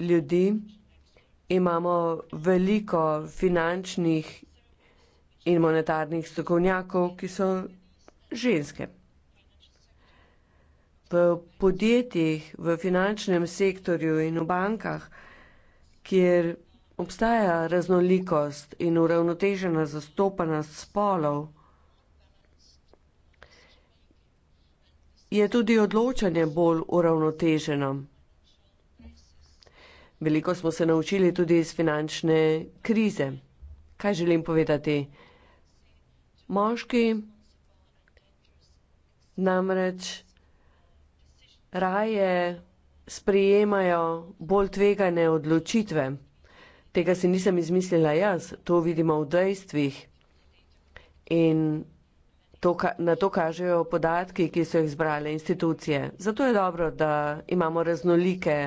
ljudi, imamo veliko finančnih in monetarnih strokovnjakov, ki so ženske. V podjetjih, v finančnem sektorju in v bankah, kjer obstaja raznolikost in uravnotežena zastopanost spolov, je tudi odločanje bolj uravnoteženo. Veliko smo se naučili tudi iz finančne krize. Kaj želim povedati? Moški namreč raje sprejemajo bolj tvegane odločitve. Tega si nisem izmislila jaz, to vidimo v dejstvih. In to, na to kažejo podatki, ki so jih zbrale institucije. Zato je dobro, da imamo raznolike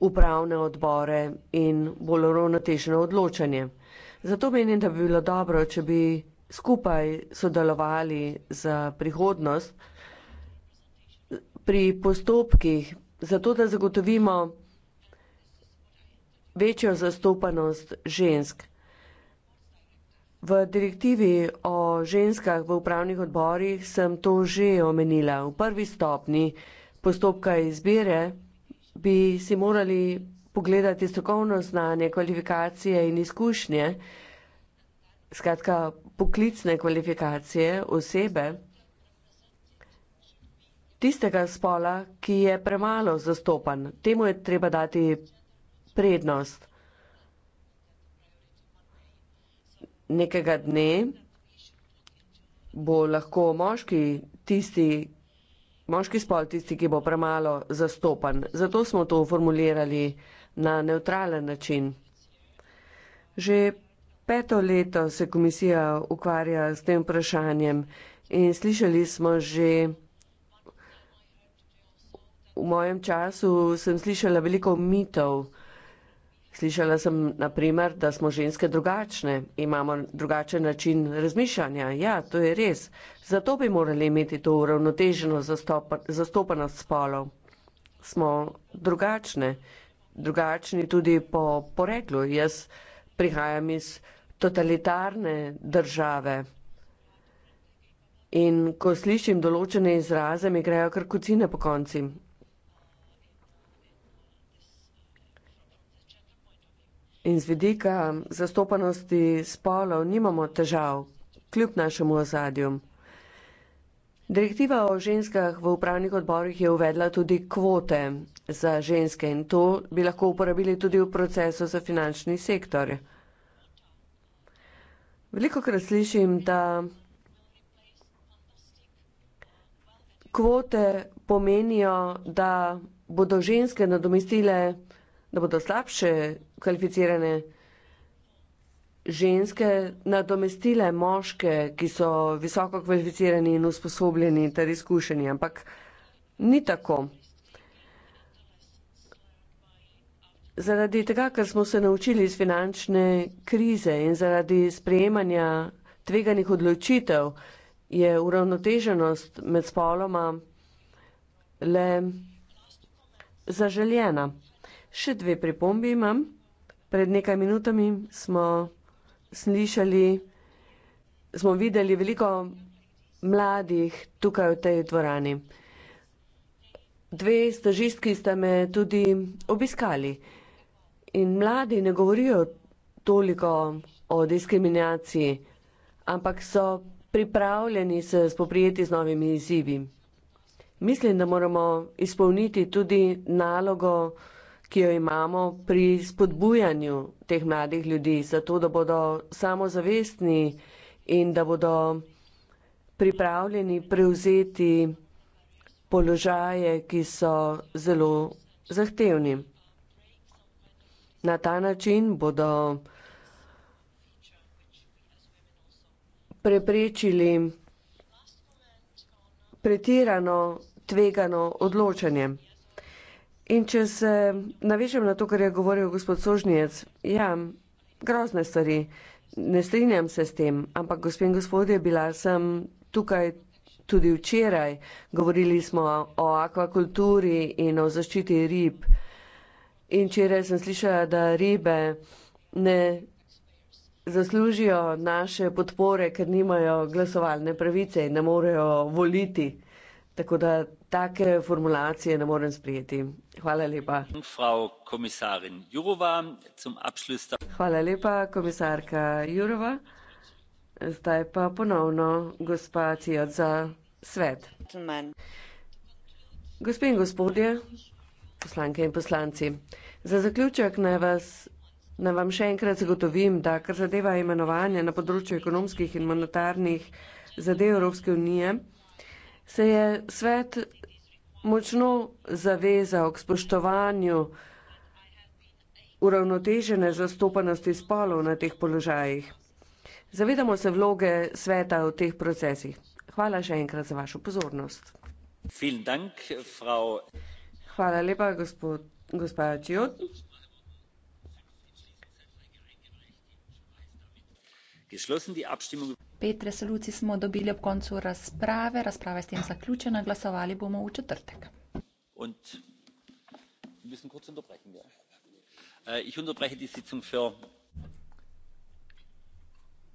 upravne odbore in bolj uravnoteženo odločanje. Zato menim, da bi bilo dobro, če bi skupaj sodelovali za prihodnost pri postopkih, zato da zagotovimo večjo zastopanost žensk. V direktivi o ženskah v upravnih odborih sem to že omenila. V prvi stopni postopka izbire bi si morali pogledati strokovno znanje, kvalifikacije in izkušnje, skratka poklicne kvalifikacije osebe, tistega spola, ki je premalo zastopan. Temu je treba dati prednost. Nekega dne bo lahko moški tisti, moški spol tisti, ki bo premalo zastopan. Zato smo to formulirali na neutralen način. Že peto leto se komisija ukvarja s tem vprašanjem in slišali smo že v mojem času, sem slišala veliko mitov. Slišala sem, naprimer, da smo ženske drugačne, imamo drugačen način razmišljanja. Ja, to je res. Zato bi morali imeti to uravnoteženo zastopanost spolov. Smo drugačne, drugačni tudi po poreklu. Jaz prihajam iz totalitarne države. In ko slišim določene izraze, mi grejo krkocine po konci. in z vidika zastopanosti spolov nimamo težav, kljub našemu ozadju. Direktiva o ženskah v upravnih odborih je uvedla tudi kvote za ženske in to bi lahko uporabili tudi v procesu za finančni sektor. Veliko krat slišim, da kvote pomenijo, da bodo ženske nadomestile, da bodo slabše kvalificirane ženske nadomestile moške, ki so visoko kvalificirani in usposobljeni ter izkušeni, ampak ni tako. Zaradi tega, ker smo se naučili iz finančne krize in zaradi sprejemanja tveganih odločitev, je uravnoteženost med spoloma le zaželjena. Še dve pripombi imam. Pred nekaj minutami smo slišali, smo videli veliko mladih tukaj v tej dvorani. Dve stažistki sta me tudi obiskali in mladi ne govorijo toliko o diskriminaciji, ampak so pripravljeni se spoprijeti z novimi izzivi. Mislim, da moramo izpolniti tudi nalogo, ki jo imamo pri spodbujanju teh mladih ljudi, zato da bodo samozavestni in da bodo pripravljeni prevzeti položaje, ki so zelo zahtevni. Na ta način bodo preprečili pretirano tvegano odločanje. In če se navežem na to, kar je govoril gospod Sožnjec, ja, grozne stvari, ne strinjam se s tem, ampak gospod in gospodje, bila sem tukaj tudi včeraj, govorili smo o akvakulturi in o zaščiti rib. In včeraj sem slišala, da ribe ne zaslužijo naše podpore, ker nimajo glasovalne pravice in ne morejo voliti. Tako da take formulacije ne morem sprejeti. hvala lepa komisarka jourová. zdaj pa ponovno gospa ziad za svet. gospe in gospodje poslanke in poslanci za zaključek naj vas naj vam še enkrat zagotovim da kar zadeva imenovanje na področju ekonomskih in monetarnih zadev evropske unije se je svet močno zavezal k spoštovanju uravnotežene zastopanosti spolov na teh položajih. Zavedamo se vloge sveta v teh procesih. Hvala še enkrat za vašo pozornost. Hvala lepa, gospa Čion. Pet resolucij smo dobili ob koncu razprave. Razprava je s tem zaključena. Glasovali bomo v četrtek. Ja. Äh,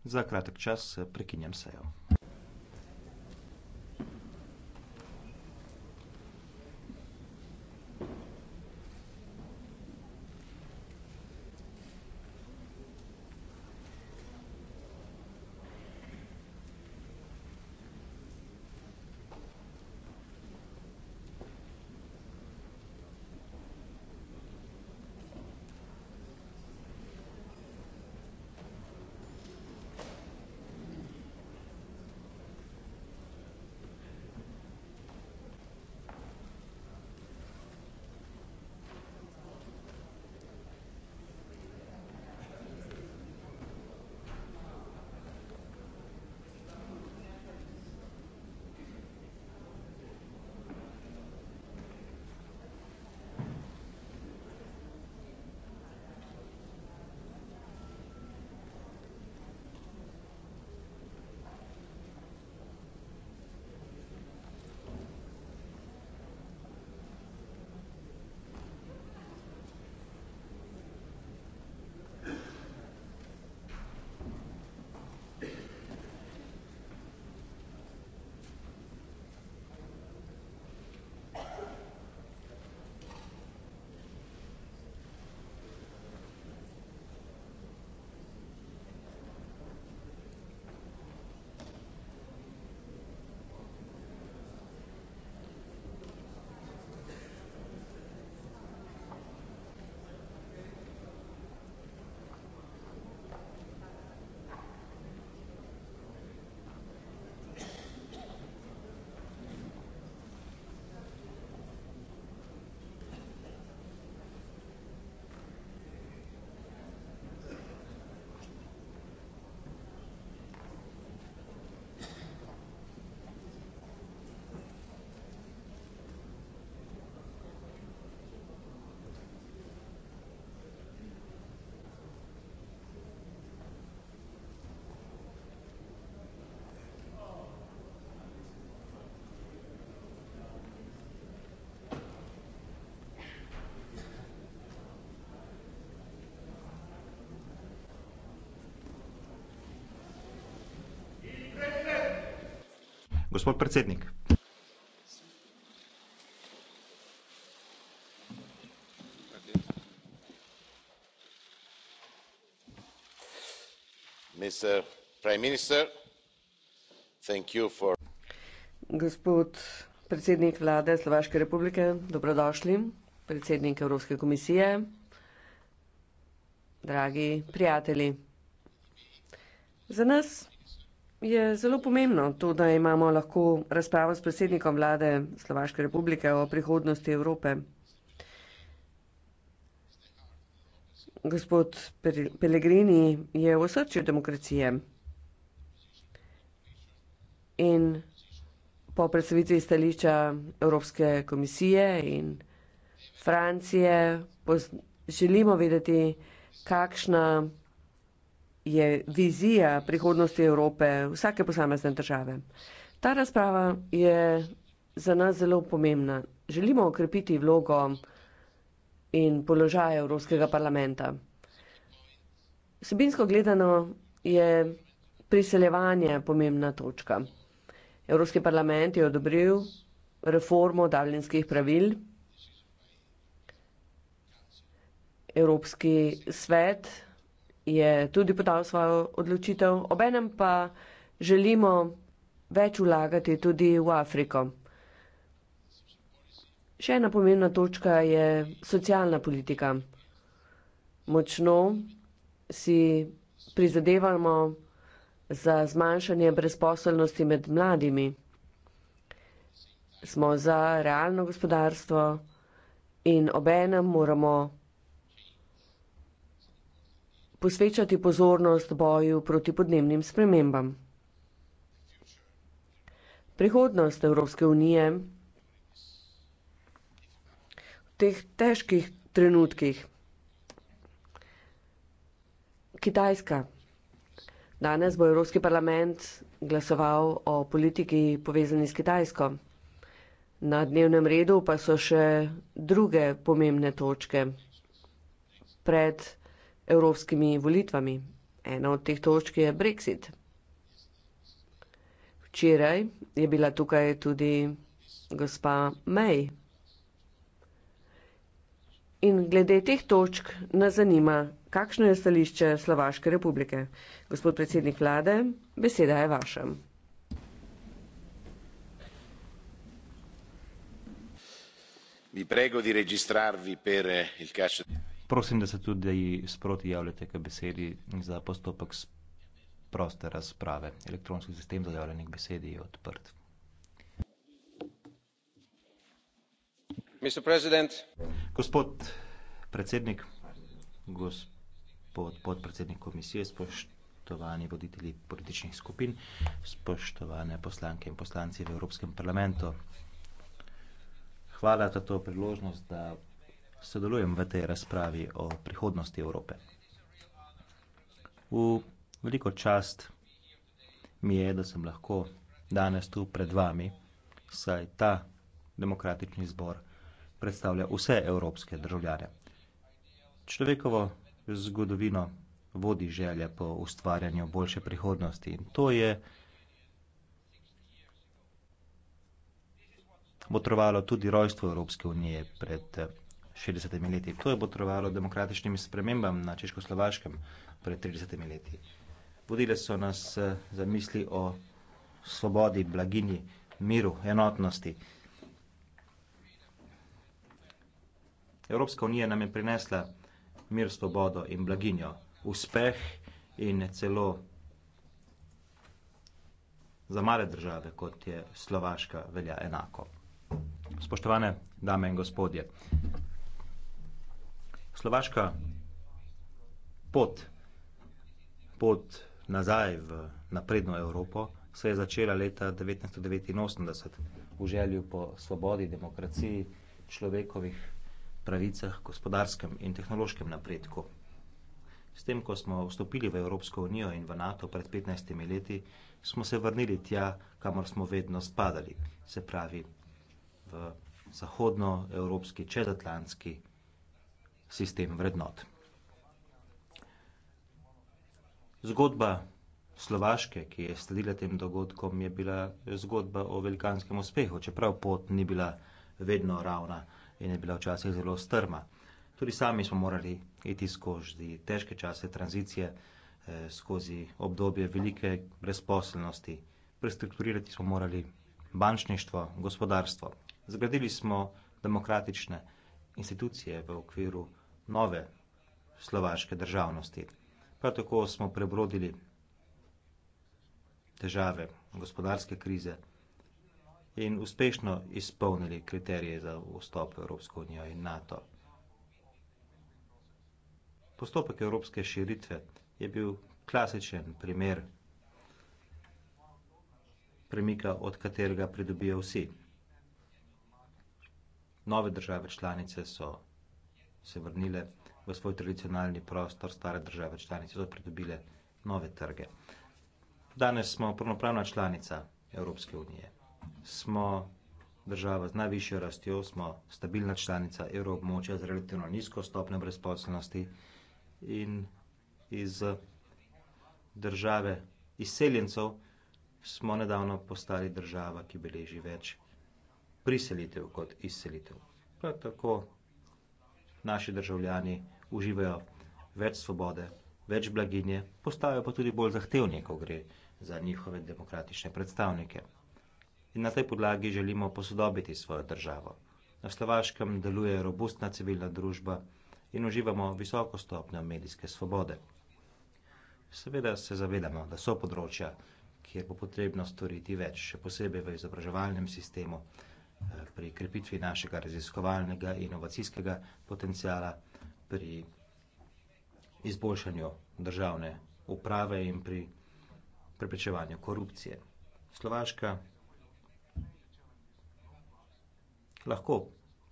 Za kratek čas prekinjam sejo. gospod predsednik. Gospod predsednik vlade Slovaške republike, dobrodošli, predsednik Evropske komisije, dragi prijatelji. Za nas Je zelo pomembno to, da imamo lahko razpravo s predsednikom vlade Slovaške republike o prihodnosti Evrope. Gospod Pellegrini je v srčju demokracije in po predstavitvi stališča Evropske komisije in Francije želimo vedeti, kakšna je vizija prihodnosti Evrope, vsake posamezne države. Ta razprava je za nas zelo pomembna. Želimo okrepiti vlogo in položaj Evropskega parlamenta. Sebinsko gledano je priseljevanje pomembna točka. Evropski parlament je odobril reformo davljenskih pravil. Evropski svet je tudi podal svojo odločitev, obenem pa želimo več vlagati tudi v Afriko. Še ena pomembna točka je socialna politika. Močno si prizadevamo za zmanjšanje brezposelnosti med mladimi. Smo za realno gospodarstvo in obenem moramo posvečati pozornost boju proti podnebnim spremembam. Prihodnost Evropske unije v teh težkih trenutkih. Kitajska. Danes bo Evropski parlament glasoval o politiki povezani s Kitajsko. Na dnevnem redu pa so še druge pomembne točke. Pred evropskimi volitvami. Ena od teh točk je Brexit. Včeraj je bila tukaj tudi gospa May. In glede teh točk nas zanima, kakšno je stališče Slovaške republike. Gospod predsednik vlade, beseda je vaša. Vi prego di registrarvi per il caso prosim, da se tudi sproti javljate k besedi za postopek proste razprave. Elektronski sistem za javljanje k besedi je odprt. Gospod predsednik, gospod podpredsednik komisije, spoštovani voditelji političnih skupin, spoštovane poslanke in poslanci v Evropskem parlamentu. Hvala za to priložnost, da sodelujem v tej razpravi o prihodnosti Evrope. V veliko čast mi je, da sem lahko danes tu pred vami, saj ta demokratični zbor predstavlja vse evropske državljane. Človekovo zgodovino vodi želje po ustvarjanju boljše prihodnosti in to je botrovalo tudi rojstvo Evropske unije pred 60 leti. To je potrovalo demokratičnim spremembam na Češko-Slovaškem pred 30 leti. Vodile so nas eh, za misli o svobodi, blaginji, miru, enotnosti. Evropska unija nam je prinesla mir, svobodo in blaginjo, uspeh in celo za male države, kot je Slovaška, velja enako. Spoštovane dame in gospodje, Slovaška pot, pot nazaj v napredno Evropo, se je začela leta 1989 v želju po svobodi, demokraciji, človekovih pravicah, gospodarskem in tehnološkem napredku. S tem, ko smo vstopili v Evropsko unijo in v NATO pred 15 leti, smo se vrnili tja, kamor smo vedno spadali, se pravi v zahodno-evropski čezatlantski sistem vrednot. Zgodba Slovaške, ki je sledila tem dogodkom, je bila zgodba o velikanskem uspehu, čeprav pot ni bila vedno ravna in je bila včasih zelo strma. Tudi sami smo morali iti skozi težke čase tranzicije, eh, skozi obdobje velike brezposelnosti. Prestrukturirati smo morali bančništvo, gospodarstvo. Zgradili smo demokratične institucije v okviru nove slovaške državnosti. Prav tako smo prebrodili težave gospodarske krize in uspešno izpolnili kriterije za vstop Evropsko unijo in NATO. Postopek evropske širitve je bil klasičen primer premika, od katerega pridobijo vsi. Nove države članice so se vrnile v svoj tradicionalni prostor, stare države članice so pridobile nove trge. Danes smo polnopravna članica Evropske unije. Smo država z najvišjo rastjo, smo stabilna članica evroobmočja z relativno nizko stopnjo brezposelnosti in iz države izseljencev smo nedavno postali država, ki beleži več priselitev kot izselitev. Prav tako naši državljani uživajo več svobode, več blaginje, postajajo pa tudi bolj zahtevni, ko gre za njihove demokratične predstavnike. In na tej podlagi želimo posodobiti svojo državo. Na Slovaškem deluje robustna civilna družba in uživamo visoko stopnjo medijske svobode. Seveda se zavedamo, da so področja, kjer bo potrebno storiti več, še posebej v izobraževalnem sistemu, pri krepitvi našega raziskovalnega inovacijskega potencijala, pri izboljšanju državne uprave in pri preprečevanju korupcije. Slovaška lahko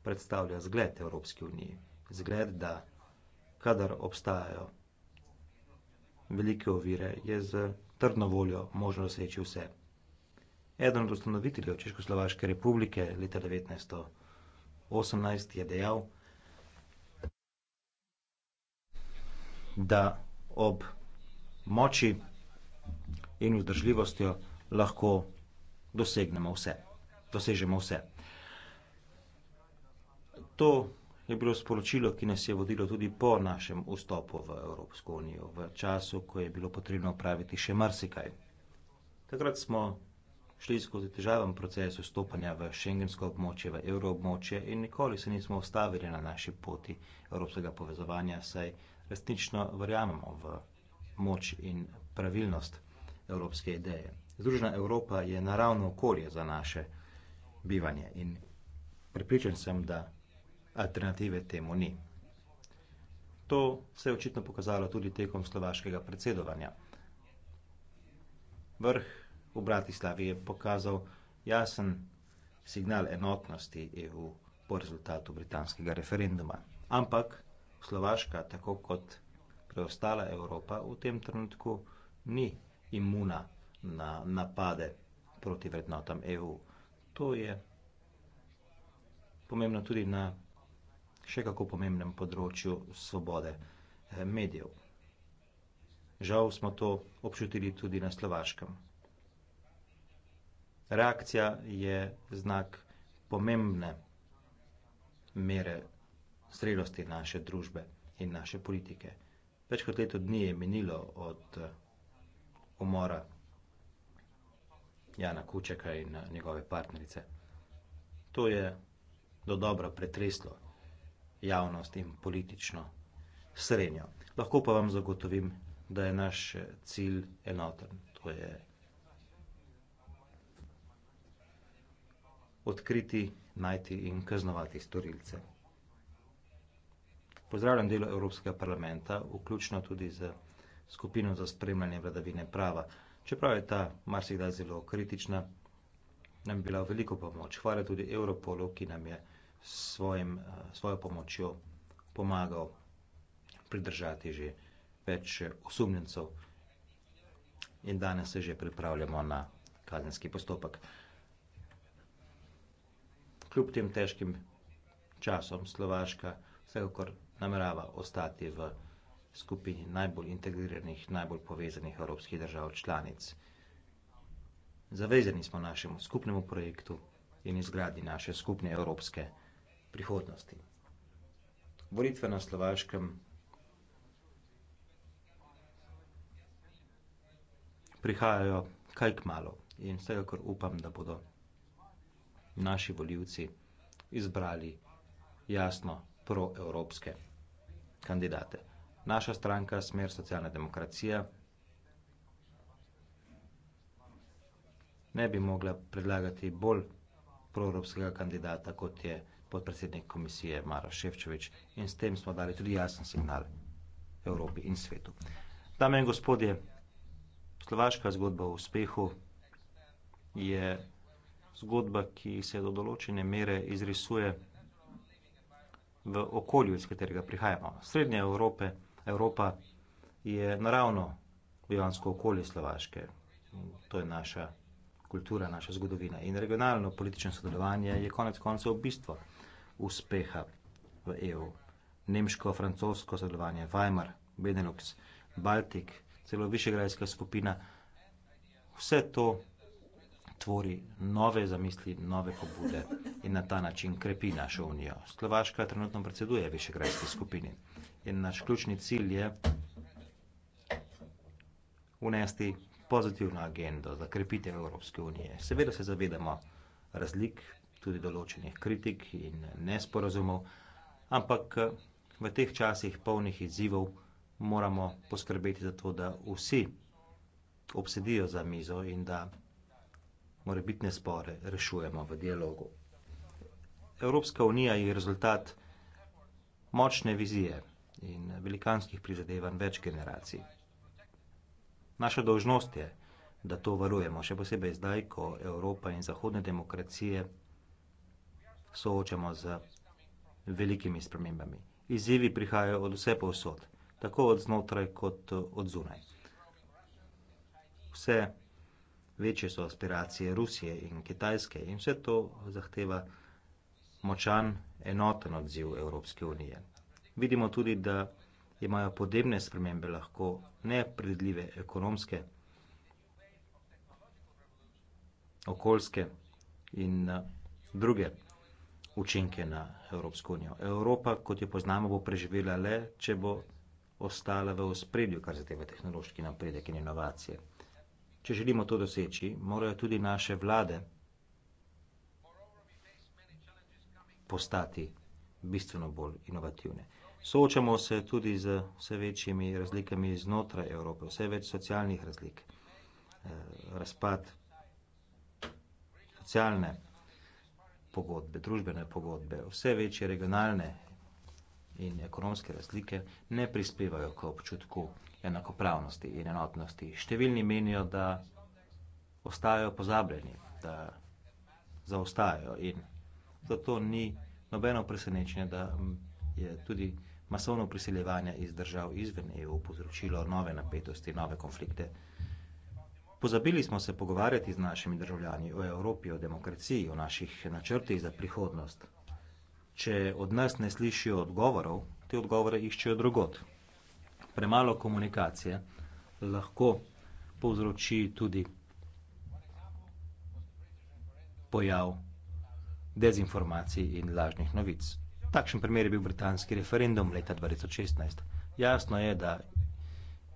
predstavlja zgled Evropske unije, zgled, da kadar obstajajo velike ovire, je z trdno voljo možno doseči vse. Eden od ustanoviteljev Češko-Slovaške republike leta 1918 je dejal, da ob moči in vzdržljivosti lahko dosegnemo vse, dosežemo vse. To je bilo sporočilo, ki nas je vodilo tudi po našem vstopu v Evropsko unijo, v času, ko je bilo potrebno opraviti še marsikaj. Takrat smo šli skozi težaven proces vstopanja v šengensko območje, v evroobmočje in nikoli se nismo ustavili na naši poti evropskega povezovanja, saj resnično verjamemo v moč in pravilnost evropske ideje. Združena Evropa je naravno okolje za naše bivanje in pripričan sem, da alternative temu ni. To se je očitno pokazalo tudi tekom slovaškega predsedovanja. Vrh v Bratislavi je pokazal jasen signal enotnosti EU po rezultatu britanskega referenduma. Ampak Slovaška, tako kot preostala Evropa, v tem trenutku ni imuna na napade proti vrednotam EU. To je pomembno tudi na še kako pomembnem področju svobode eh, medijev. Žal smo to občutili tudi na slovaškem reakcija je znak pomembne mere zrelosti naše družbe in naše politike. Več kot leto dni je minilo od eh, umora Jana Kučeka in eh, njegove partnerice. To je do dobro pretreslo javnost in politično srednjo. Lahko pa vam zagotovim, da je naš eh, cilj enoten. To je odkriti, najti in kaznovati storilce. Pozdravljam delo Evropskega parlamenta, vključno tudi z skupino za spremljanje vladavine prava. Čeprav je ta marsikdaj zelo kritična, nam je bila veliko pomoč. Hvala tudi Europolu, ki nam je svojim, eh, svojo pomočjo pomagal pridržati že več eh, osumljencev in danes se že pripravljamo na kazenski postopek kljub tem težkim časom Slovaška vsekakor namerava ostati v skupini najbolj integriranih, najbolj povezanih evropskih držav članic. Zavezani smo našemu skupnemu projektu in izgradi naše skupne evropske prihodnosti. Volitve na Slovaškem prihajajo kajk malo in vsekakor upam, da bodo naši voljivci izbrali jasno proevropske kandidate. Naša stranka, smer socialna demokracija, ne bi mogla predlagati bolj proevropskega kandidata, kot je podpredsednik komisije Mara Ševčevič in s tem smo dali tudi jasen signal Evropi in svetu. Dame in gospodje, slovaška zgodba o uspehu je zgodba, ki se do določene mere izrisuje v okolju, iz katerega prihajamo. Srednja Evrope, Evropa je naravno bivansko okolje Slovaške. To je naša kultura, naša zgodovina. In regionalno politično sodelovanje je konec koncev bistvo uspeha v EU. Nemško-francosko sodelovanje, Weimar, Benelux, Baltik, celo Višegrajska skupina, vse to tvori nove zamisli, nove pobude in na ta način krepi našo unijo. Slovaška trenutno predseduje Višegrajski skupini in naš ključni cilj je unesti pozitivno agendo za krepitev Evropske unije. Seveda se zavedamo razlik, tudi določenih kritik in nesporazumov, ampak v teh časih polnih izzivov moramo poskrbeti za to, da vsi obsedijo za mizo in da morebitne spore rešujemo v dialogu. Evropska unija je rezultat močne vizije in velikanskih prizadevanj več generacij. Naša dožnost je, da to varujemo, še posebej zdaj, ko Evropa in zahodne demokracije soočamo z velikimi spremembami. Izzivi prihajajo od vse povsod, tako od znotraj kot od zunaj. Vse večje so aspiracije Rusije in Kitajske in vse to zahteva močan, enoten odziv Evropske unije. Vidimo tudi, da imajo podnebne spremembe lahko nepredvidljive ekonomske, okoljske in eh, druge učinke na Evropsko unijo. Evropa, kot jo poznamo, bo preživela le, če bo ostala v ospredju, kar zadeva tehnološki napredek in inovacije. Če želimo to doseči, morajo tudi naše vlade postati bistveno bolj inovativne. Soočamo se tudi z vse večjimi razlikami znotraj Evrope, vse več socialnih razlik, eh, razpad socialne pogodbe, družbene pogodbe, vse večje regionalne in ekonomske razlike ne prispevajo k občutku enakopravnosti in enotnosti. Številni menijo, da ostajajo pozabljeni, da zaostajajo in zato ni nobeno presenečenje, da je tudi masovno priseljevanje iz držav izven EU povzročilo nove napetosti, nove konflikte. Pozabili smo se pogovarjati z našimi državljani o Evropi, o demokraciji, o naših načrtih za prihodnost. Če od nas ne slišijo odgovorov, te odgovore iščejo drugot premalo komunikacije, lahko povzroči tudi pojav dezinformacij in lažnih novic. Takšen primer je bil britanski referendum leta 2016. Jasno je, da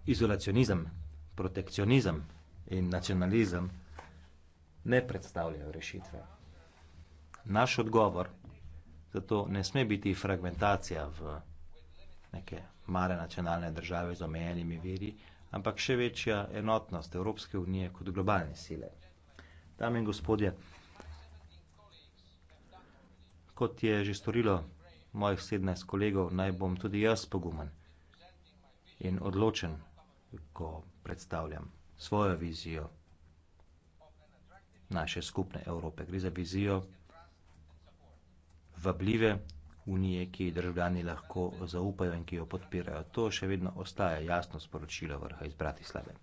izolacionizem, protekcionizem in nacionalizem ne predstavljajo rešitve. Naš odgovor zato ne sme biti fragmentacija v neke male nacionalne države z omejenimi viri, ampak še večja enotnost Evropske unije kot globalne sile. Dame in gospodje, kot je že storilo mojih 17 kolegov, naj bom tudi jaz pogumen in odločen, ko predstavljam svojo vizijo naše skupne Evrope. Gre za vizijo vabljive unije, ki ji državljani lahko zaupajo in ki jo podpirajo. To še vedno ostaja jasno sporočilo vrha iz Bratislave.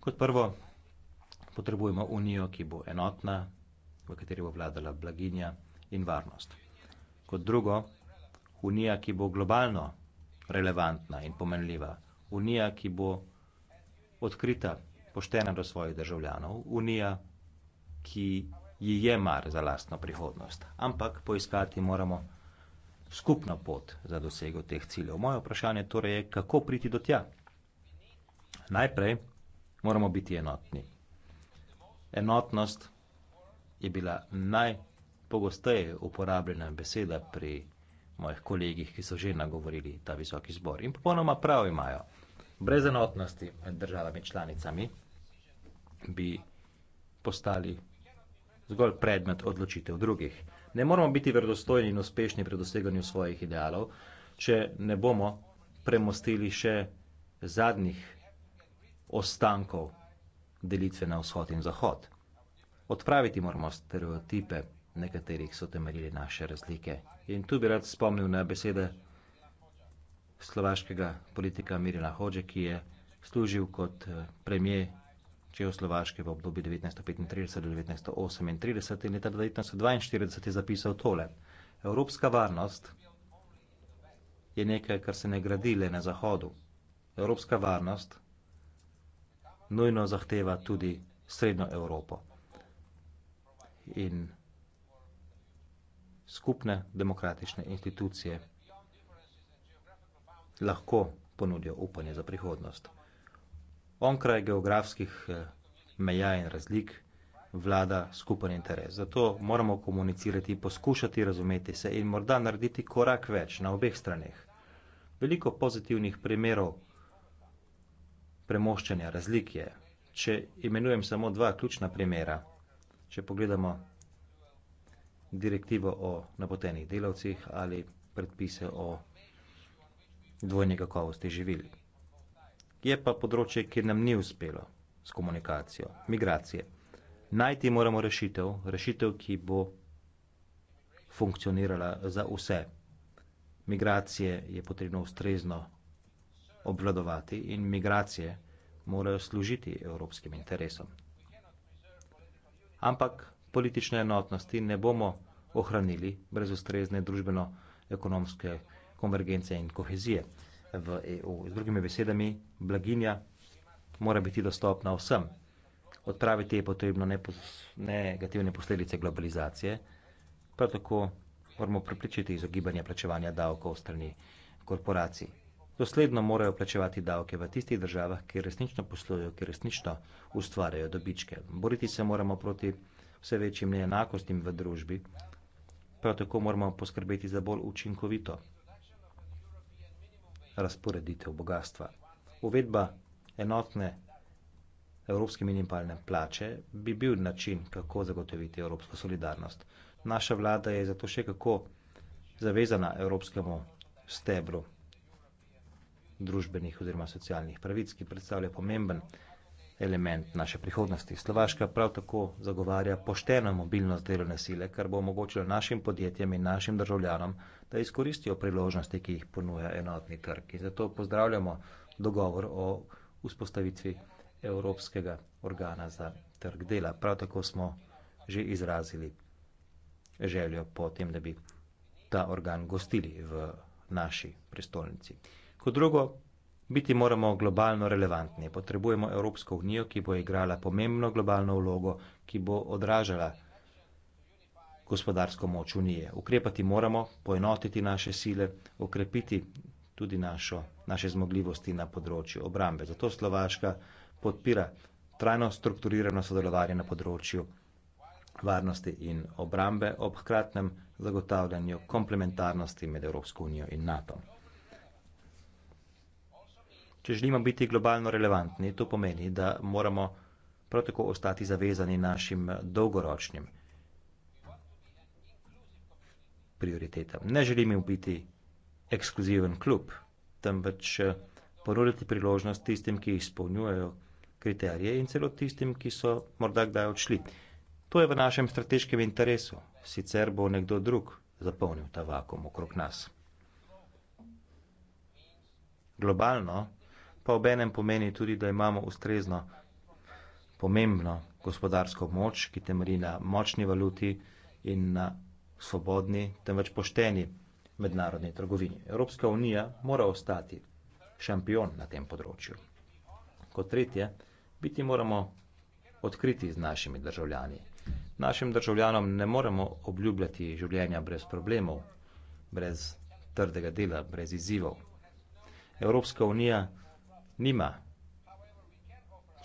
Kot prvo, potrebujemo unijo, ki bo enotna, v kateri bo vladala blaginja in varnost. Kot drugo, unija, ki bo globalno relevantna in pomenljiva, unija, ki bo odkrita, poštena do svojih državljanov, unija, ki ji je mar za lastno prihodnost. Ampak poiskati moramo skupno pot za dosego teh ciljev. Moje vprašanje torej je, kako priti do tja? Najprej moramo biti enotni. Enotnost je bila najpogosteje uporabljena beseda pri mojih kolegih, ki so že nagovorili ta visoki zbor. In popolnoma prav imajo. Brez enotnosti med državami članicami bi postali zgolj predmet odločitev drugih. Ne moramo biti verodostojni in uspešni pri doseganju svojih idealov, če ne bomo premostili še zadnjih ostankov delitve na vzhod in zahod. Odpraviti moramo stereotipe, na katerih so temeljili naše razlike. In tu bi rad spomnil na besede slovaškega politika Mirina Hođe, ki je služil kot eh, premijer Čehoslovaške v obdobju 1935 do 1938 in leta 1942 je zapisal tole. Evropska varnost je nekaj, kar se ne gradi le na Zahodu. Evropska varnost nujno zahteva tudi Srednjo Evropo. In skupne demokratične institucije lahko ponudijo upanje za prihodnost onkraj geografskih eh, meja in razlik vlada skupen interes. Zato moramo komunicirati, poskušati razumeti se in morda narediti korak več na obeh straneh. Veliko pozitivnih primerov premoščanja razlik je, če imenujem samo dva ključna primera, če pogledamo direktivo o napotenih delavcih ali predpise o dvojni kakovosti živili je pa področje, kjer nam ni uspelo s komunikacijo, migracije. Najti moramo rešitev, rešitev, ki bo funkcionirala za vse. Migracije je potrebno ustrezno obvladovati in migracije morajo služiti evropskim interesom. Ampak politične enotnosti ne bomo ohranili brez ustrezne družbeno-ekonomske konvergence in kohezije v EU. Z drugimi besedami, blaginja mora biti dostopna vsem. Odpraviti je potrebno negativne posledice globalizacije, prav tako moramo prepričati izogibanje plačevanja davkov strani korporacij. Dosledno morajo plačevati davke v tistih državah, ki resnično poslujejo, ki resnično ustvarjajo dobičke. Boriti se moramo proti vse večjim neenakostim v družbi, prav tako moramo poskrbeti za bolj učinkovito razporeditev bogatstva. Uvedba enotne evropske minimalne plače bi bil način, kako zagotoviti evropsko solidarnost. Naša vlada je zato še kako zavezana evropskemu stebru družbenih oziroma socialnih pravic, ki predstavlja pomemben element naše prihodnosti. Slovaška prav tako zagovarja pošteno mobilnost delovne sile, kar bo omogočilo našim podjetjem in našim državljanom, da izkoristijo priložnosti, ki jih ponuja enotni trg. In zato pozdravljamo dogovor o vzpostavitvi Evropskega organa za trg dela. Prav tako smo že izrazili željo po tem, da bi ta organ gostili v naši prestolnici. Kot drugo, Biti moramo globalno relevantni. Potrebujemo Evropsko unijo, ki bo igrala pomembno globalno vlogo, ki bo odražala gospodarsko moč unije. Ukrepati moramo, poenotiti naše sile, ukrepiti tudi našo, naše zmogljivosti na področju obrambe. Zato Slovaška podpira trajno strukturirano sodelovanje na področju varnosti in obrambe ob hkratnem zagotavljanju komplementarnosti med Evropsko unijo in NATO če želimo biti globalno relevantni, to pomeni, da moramo prav tako ostati zavezani našim dolgoročnim prioritetam. Ne želim biti ekskluziven klub, temveč eh, ponuditi priložnost tistim, ki izpolnjujejo kriterije in celo tistim, ki so morda kdaj odšli. To je v našem strateškem interesu, sicer bo nekdo drug zapolnil ta vakum okrog nas. Globalno pa obenem pomeni tudi, da imamo ustrezno pomembno gospodarsko moč, ki temori na močni valuti in na svobodni, temveč pošteni mednarodni trgovini. Evropska unija mora ostati šampion na tem področju. Kot tretje, biti moramo odkriti z našimi državljani. Našim državljanom ne moremo obljubljati življenja brez problemov, brez trdega dela, brez izzivov. Evropska unija nima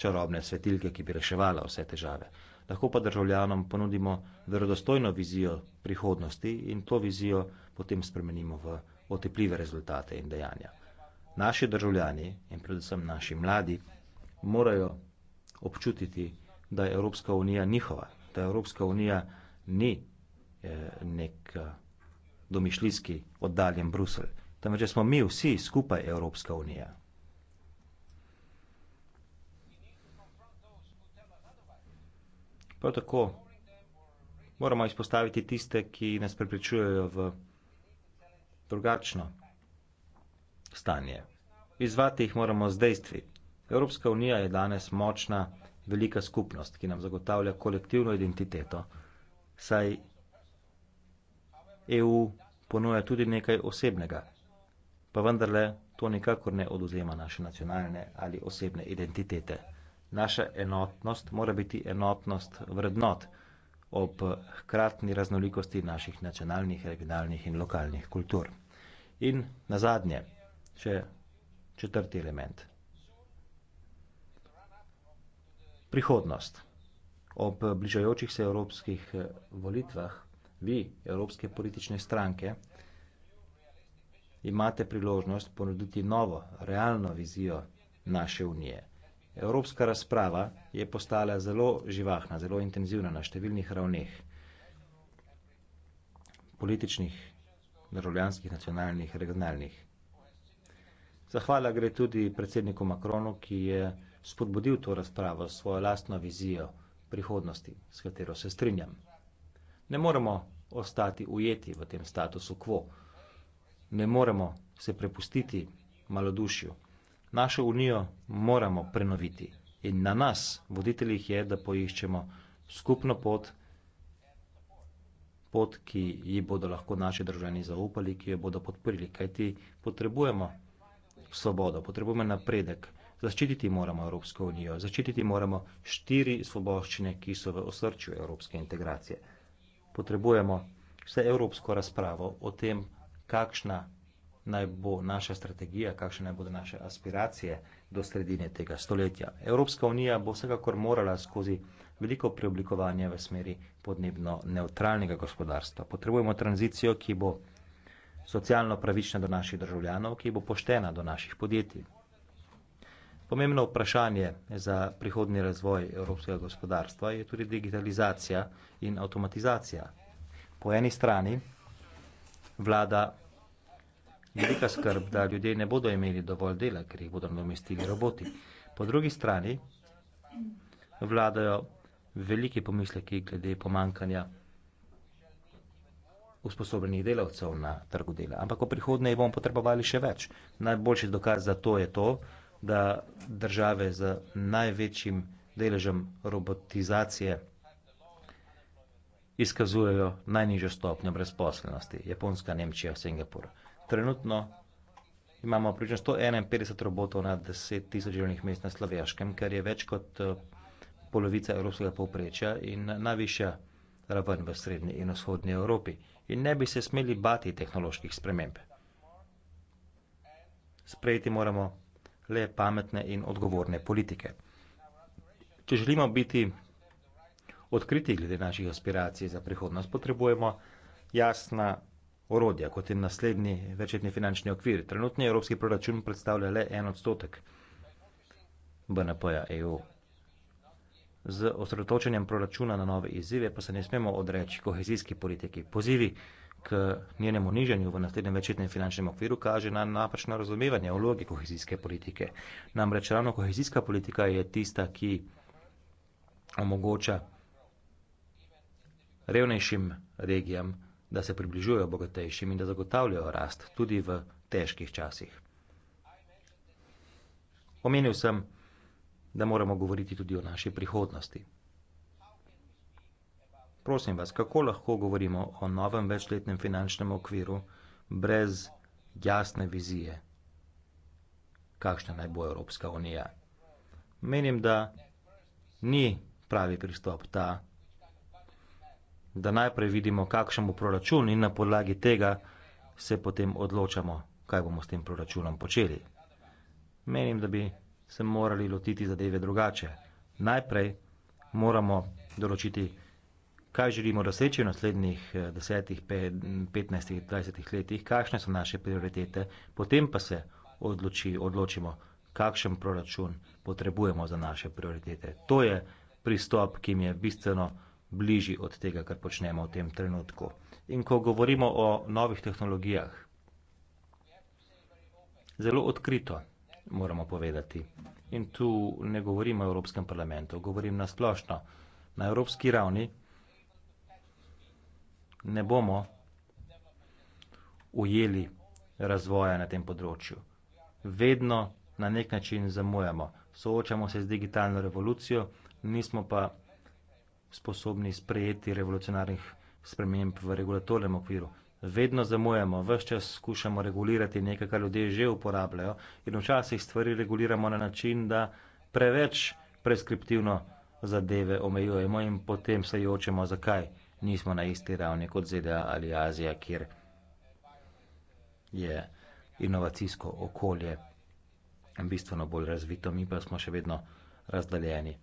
čarobne svetilke, ki bi reševala vse težave. Lahko pa državljanom ponudimo verodostojno vizijo prihodnosti in to vizijo potem spremenimo v otepljive rezultate in dejanja. Naši državljani in predvsem naši mladi morajo občutiti, da je Evropska unija njihova, da Evropska unija ni eh, nek eh, domišljski oddaljen Brusel, temveč smo mi vsi skupaj Evropska unija. Prav tako moramo izpostaviti tiste, ki nas prepričujejo v drugačno stanje. Izvati jih moramo z dejstvi. Evropska unija je danes močna, velika skupnost, ki nam zagotavlja kolektivno identiteto, saj EU ponuja tudi nekaj osebnega, pa vendarle to nikakor ne oduzema naše nacionalne ali osebne identitete. Naša enotnost mora biti enotnost vrednot ob hkratni raznolikosti naših nacionalnih, regionalnih in lokalnih kultur. In na zadnje, še četrti element. Prihodnost. Ob bližajočih se evropskih eh, volitvah vi, evropske politične stranke, imate priložnost ponuditi novo, realno vizijo naše unije – Evropska razprava je postala zelo živahna, zelo intenzivna na številnih ravneh, političnih, državljanskih, nacionalnih, regionalnih. Zahvala gre tudi predsedniku Makronu, ki je spodbudil to razpravo s svojo lastno vizijo prihodnosti, s katero se strinjam. Ne moremo ostati ujeti v tem statusu quo, ne moremo se prepustiti malodušju. Našo unijo moramo prenoviti in na nas, voditeljih, je, da poiščemo skupno pot, pot, ki ji bodo lahko naši državljani zaupali, ki jo bodo podprli, kajti potrebujemo svobodo, potrebujemo napredek. Zaščititi moramo Evropsko unijo, zaščititi moramo štiri svoboščine, ki so v osrčju evropske integracije. Potrebujemo vse evropsko razpravo o tem, kakšna naj bo naša strategija, kakšne naj bodo naše aspiracije do sredine tega stoletja. Evropska unija bo vsekakor morala skozi veliko preoblikovanja v smeri podnebno neutralnega gospodarstva. Potrebujemo tranzicijo, ki bo socialno pravična do naših državljanov, ki bo poštena do naših podjetij. Pomembno vprašanje za prihodni razvoj evropskega gospodarstva je tudi digitalizacija in avtomatizacija. Po eni strani vlada velika skrb, da ljudje ne bodo imeli dovolj dela, ker jih bodo namestili roboti. Po drugi strani vladajo veliki pomisleki glede pomankanja usposobljenih delavcev na trgu dela. Ampak v prihodnje jih bomo potrebovali še več. Najboljši dokaz za to je to, da države z največjim deležem robotizacije izkazujejo najnižjo stopnjo brezposelnosti. Japonska, Nemčija, Singapur trenutno imamo približno 151 robotov na 10 tisoč delovnih mest na Slovaškem, kar je več kot eh, polovica evropskega povprečja in najvišja raven v srednji in vzhodnji Evropi. In ne bi se smeli bati tehnoloških sprememb. Sprejeti moramo le pametne in odgovorne politike. Če želimo biti odkriti glede naših aspiracij za prihodnost, potrebujemo jasna orodja, kot je naslednji večetni finančni okvir. Trenutni evropski proračun predstavlja le en odstotek BNP-ja EU. Z osredotočenjem proračuna na nove izzive pa se ne smemo odreči kohezijski politiki. Pozivi k njenemu nižanju v naslednjem večetnem finančnem okviru kaže na napačno razumevanje vloge kohezijske politike. Namreč ravno kohezijska politika je tista, ki omogoča revnejšim regijam, da se približujejo bogatejšim in da zagotavljajo rast tudi v težkih časih. Omenil sem, da moramo govoriti tudi o naši prihodnosti. Prosim vas, kako lahko govorimo o novem večletnem finančnem okviru brez jasne vizije, kakšna naj bo Evropska unija? Menim, da ni pravi pristop ta, da najprej vidimo, kakšen bo proračun in na podlagi tega se potem odločamo, kaj bomo s tem proračunom počeli. Menim, da bi se morali lotiti zadeve drugače. Najprej moramo določiti, kaj želimo doseči v naslednjih 10, 15, 20 letih, kakšne so naše prioritete, potem pa se odloči, odločimo, kakšen proračun potrebujemo za naše prioritete. To je pristop, ki mi je bistveno bližji od tega, kar počnemo v tem trenutku. In ko govorimo o novih tehnologijah, zelo odkrito moramo povedati. In tu ne govorim o Evropskem parlamentu, govorim na splošno. Na evropski ravni ne bomo ujeli razvoja na tem področju. Vedno na nek način zamujamo. Soočamo se z digitalno revolucijo, nismo pa sposobni sprejeti revolucionarnih sprememb v regulatornem okviru. Vedno zamujamo, vse čas skušamo regulirati nekaj, kar ljudje že uporabljajo, in včasih stvari reguliramo na način, da preveč preskriptivno zadeve omejujemo in potem se jočemo, zakaj nismo na isti ravni kot ZDA ali Azija, kjer je inovacijsko okolje bistveno bolj razvito, mi pa smo še vedno razdaljeni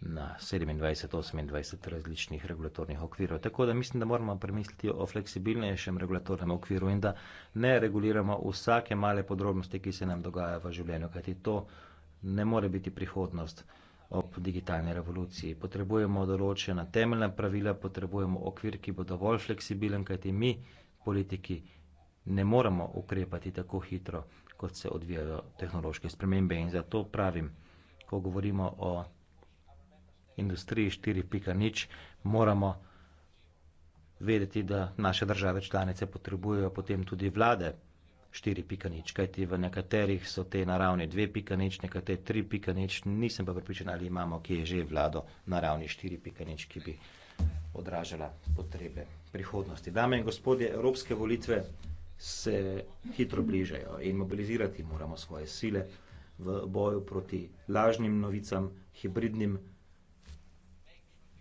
na 27, 28 različnih regulatornih okvirov. Tako da mislim, da moramo premisliti o fleksibilnejšem regulatornem okviru in da ne reguliramo vsake male podrobnosti, ki se nam dogaja v življenju, kajti to ne more biti prihodnost ob digitalni revoluciji. Potrebujemo določena temeljna pravila, potrebujemo okvir, ki bo dovolj fleksibilen, kajti mi, politiki, ne moremo ukrepati tako hitro, kot se odvijajo tehnološke spremembe. In zato pravim, ko govorimo o industriji 4.0 moramo vedeti, da naše države članice potrebujejo potem tudi vlade 4.0, kajti v nekaterih so te na ravni 2.0, nekatere 3.0, nisem pa pripričan, ali imamo, ki je že vlado na ravni 4.0, ki bi odražala potrebe prihodnosti. Dame in gospodje, evropske volitve se hitro bližajo in mobilizirati moramo svoje sile v boju proti lažnim novicam, hibridnim novicam,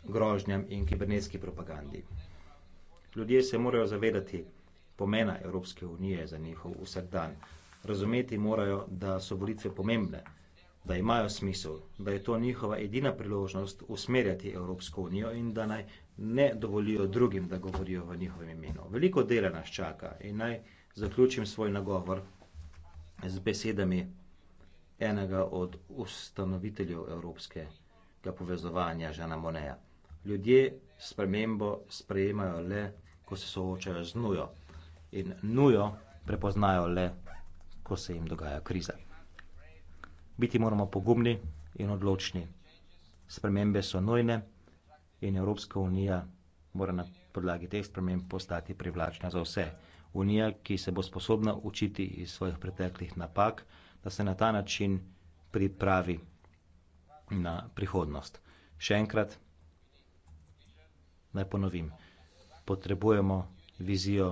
grožnjam in kibernetski propagandi. Ljudje se morajo zavedati pomena Evropske unije za njihov vsak dan. Razumeti morajo, da so volitve pomembne, da imajo smisel, da je to njihova edina priložnost usmerjati Evropsko unijo in da naj ne dovolijo drugim, da govorijo v njihovem imenu. Veliko dela nas čaka in naj zaključim svoj nagovor z besedami enega od ustanoviteljev Evropskega povezovanja, Žana Moneja. Ljudje spremembo sprejemajo le, ko se soočajo z nujo in nujo prepoznajo le, ko se jim dogaja kriza. Biti moramo pogumni in odločni. Spremembe so nujne in Evropska unija mora na podlagi teh sprememb postati privlačna za vse. Unija, ki se bo sposobna učiti iz svojih preteklih napak, da se na ta način pripravi na prihodnost. Še enkrat Naj ponovim. Potrebujemo vizijo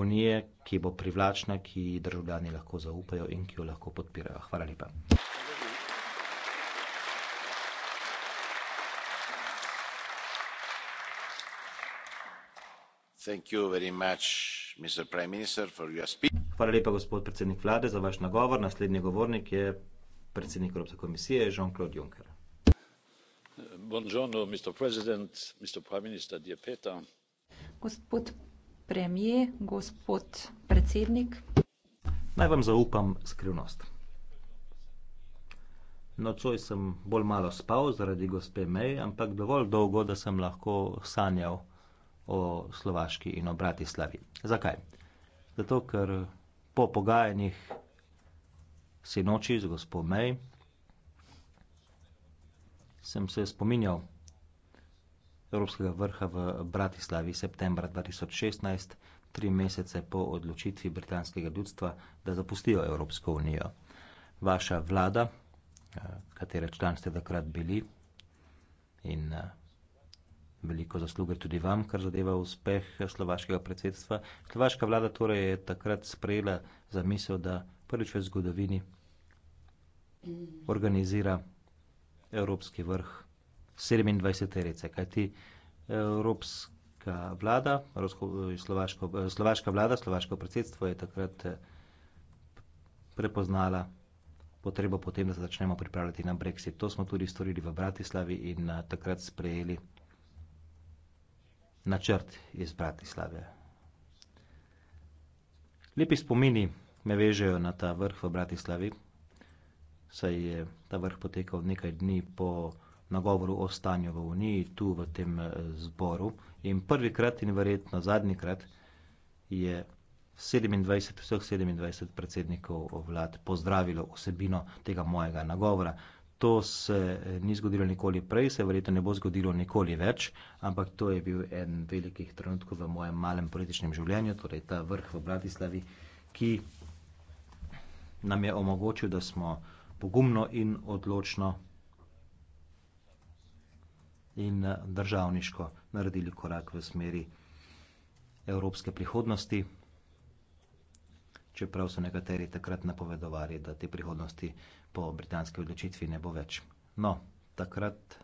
unije, ki bo privlačna, ki ji državljani lahko zaupajo in ki jo lahko podpirajo. Hvala lepa. Hvala lepa, gospod predsednik vlade, za vaš nagovor. Naslednji govornik je predsednik Evropske komisije, Jean-Claude Juncker. Gospod premier, gospod predsednik. Naj vam zaupam skrivnost. Nocoj sem bolj malo spal zaradi gospe May, ampak dovolj dolgo, da sem lahko sanjal o Slovaški in o Bratislavi. Zakaj? Zato ker po pogajanjih sinoči z gospo May sem se spominjal Evropskega vrha v Bratislavi septembra 2016, tri mesece po odločitvi britanskega ljudstva, da zapustijo Evropsko unijo. Vaša vlada, eh, katere član ste takrat bili in eh, veliko zasluge tudi vam, kar zadeva uspeh slovaškega predsedstva. Slovaška vlada torej je takrat sprejela zamisel, da prvič v zgodovini organizira evropski vrh 27-terice, kajti evropska vlada, eh, slovaško, eh, slovaška vlada, slovaško predsedstvo je takrat eh, prepoznala potrebo potem, da se začnemo pripravljati na Brexit. To smo tudi storili v Bratislavi in takrat sprejeli načrt iz Bratislave. Lepi spomini me vežejo na ta vrh v Bratislavi saj je ta vrh potekal nekaj dni po nagovoru o stanju v Uniji, tu v tem eh, zboru. In prvikrat in verjetno zadnjikrat je 27, vseh 27 predsednikov vlad pozdravilo osebino tega mojega nagovora. To se eh, ni zgodilo nikoli prej, se verjetno ne bo zgodilo nikoli več, ampak to je bil en velikih trenutkov v mojem malem političnem življenju, torej ta vrh v Bratislavi, ki nam je omogočil, da smo pogumno in odločno in eh, državniško naredili korak v smeri evropske prihodnosti, čeprav so nekateri takrat napovedovali, da te prihodnosti po britanski odločitvi ne bo več. No, takrat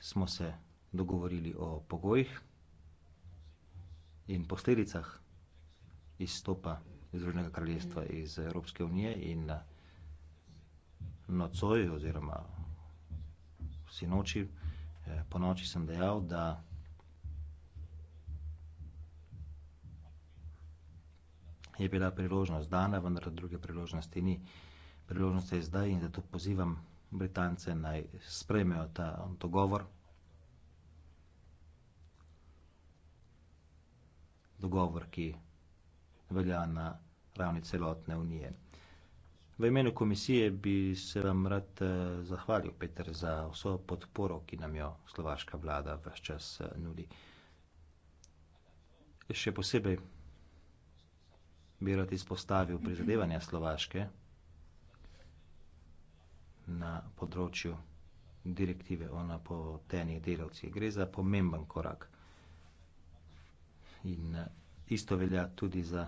smo se dogovorili o pogojih in posledicah izstopa iz Združenega kraljestva iz Evropske unije in na eh, nocoj oziroma vsi noči, eh, po noči sem dejal, da je bila priložnost dana, vendar druge priložnosti ni. Priložnost je zdaj in zato pozivam Britance naj spremejo ta dogovor. Dogovor, ki velja na ravni celotne unije. V imenu komisije bi se vam rad eh, zahvalil, Peter, za vso podporo, ki nam jo slovaška vlada vse čas eh, nudi. Še posebej bi rad izpostavil prizadevanja slovaške na področju direktive o napotenih delavcih. Gre za pomemben korak. In eh, isto velja tudi za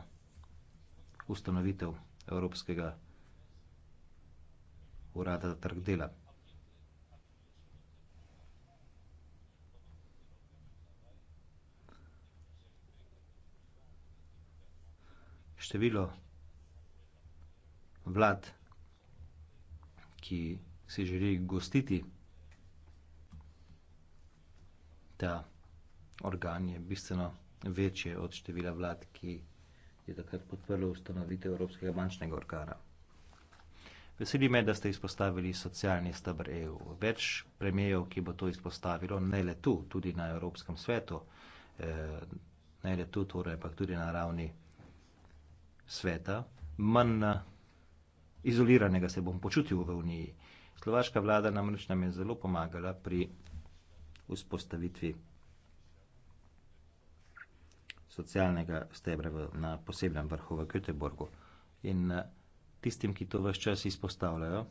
ustanovitev evropskega urada za trg dela. Število vlad, ki si želi gostiti ta organ, je bistveno večje od števila vlad, ki je takrat podprlo ustanovitev Evropskega bančnega organa. Veseli me, da ste izpostavili socialni stebr EU. Več premijev, ki bo to izpostavilo, ne le tu, tudi na Evropskem svetu, eh, ne le tu, torej, ampak tudi na ravni sveta, manj eh, izoliranega se bom počutil v Uniji. Slovaška vlada namreč nam je zelo pomagala pri vzpostavitvi socialnega stebra v, na posebnem vrhu v Göteborgu. In, eh, tistim, ki to vse čas izpostavljajo.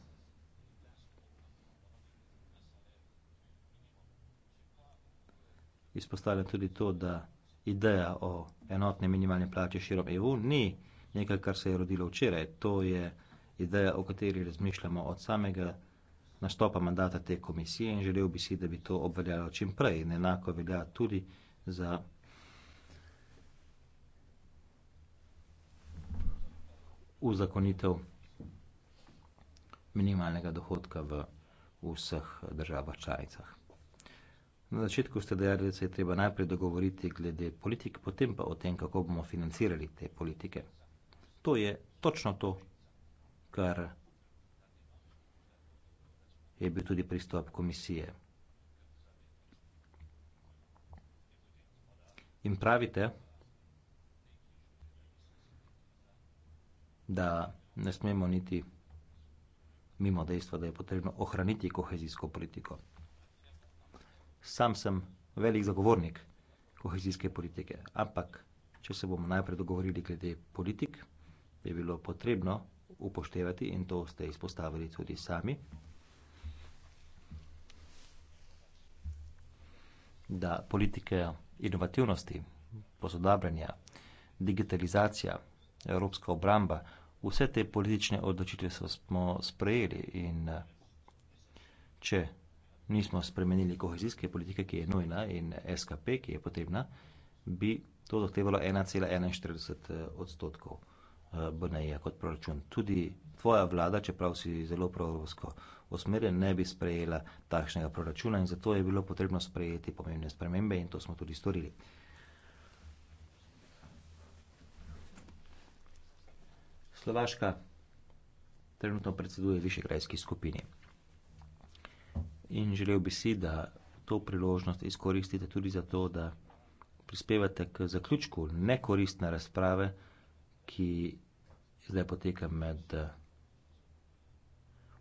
Izpostavljam tudi to, da ideja o enotni minimalni plači širom EU ni nekaj, kar se je rodilo včeraj. To je ideja, o kateri razmišljamo od samega nastopa mandata te komisije in želel bi si, da bi to obveljalo čim prej. Enako velja tudi za uzakonitev minimalnega dohodka v vseh državah članicah. Na začetku ste dejali, da se je treba najprej dogovoriti glede politik, potem pa o tem, kako bomo financirali te politike. To je točno to, kar je bil tudi pristop komisije. In pravite, da ne smemo niti mimo dejstva, da je potrebno ohraniti kohezijsko politiko. Sam sem velik zagovornik kohezijske politike, ampak če se bomo najprej dogovorili glede politik, je bilo potrebno upoštevati in to ste izpostavili tudi sami, da politike inovativnosti, posodabljanja, digitalizacija, evropska obramba, vse te politične odločitve so, smo sprejeli in eh, če nismo spremenili kohezijske politike, ki je nujna in SKP, ki je potrebna, bi to zahtevalo 1,41 eh, odstotkov eh, BNI-ja kot proračun. Tudi tvoja vlada, čeprav si zelo proevropsko osmerjen, ne bi sprejela takšnega proračuna in zato je bilo potrebno sprejeti pomembne spremembe in to smo tudi storili. Slovaška trenutno predseduje Višegrajski skupini. In želel bi si, da to priložnost izkoristite tudi za to, da prispevate k zaključku nekoristne razprave, ki zdaj poteka med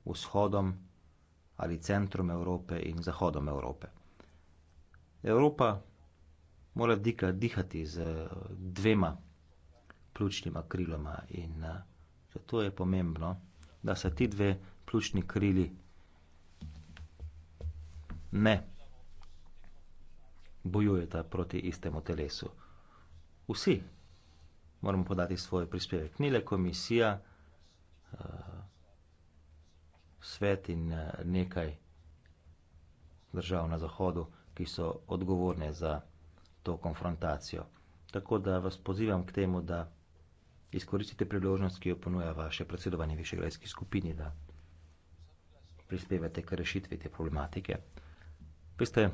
vzhodom ali centrom Evrope in zahodom Evrope. Evropa mora dika dihati z dvema ključnima kriloma in uh, Zato je pomembno, da se ti dve pljučni krili ne bojujeta proti istemu telesu. Vsi moramo podati svoje prispevek. Ni le komisija, eh, svet in eh, nekaj držav na zahodu, ki so odgovorne za to konfrontacijo. Tako da vas pozivam k temu, da Izkoristite priložnost, ki jo ponuja vaše predsedovanje Višegrajski skupini, da prispevate k rešitvi te problematike. Veste,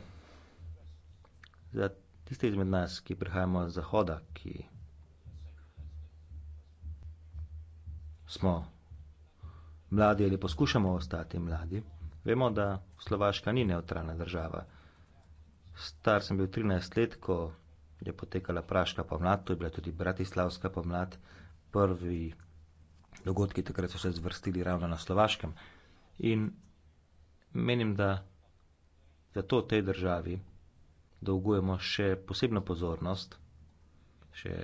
za tiste izmed nas, ki prihajamo z Zahoda, ki smo mladi ali poskušamo ostati mladi, vemo, da Slovaška ni neutralna država. Star sem bil 13 let, ko je potekala Praška pomlad, to je bila tudi Bratislavska pomlad, prvi dogodki takrat so se zvrstili ravno na Slovaškem. In menim, da zato tej državi dolgujemo še posebno pozornost, še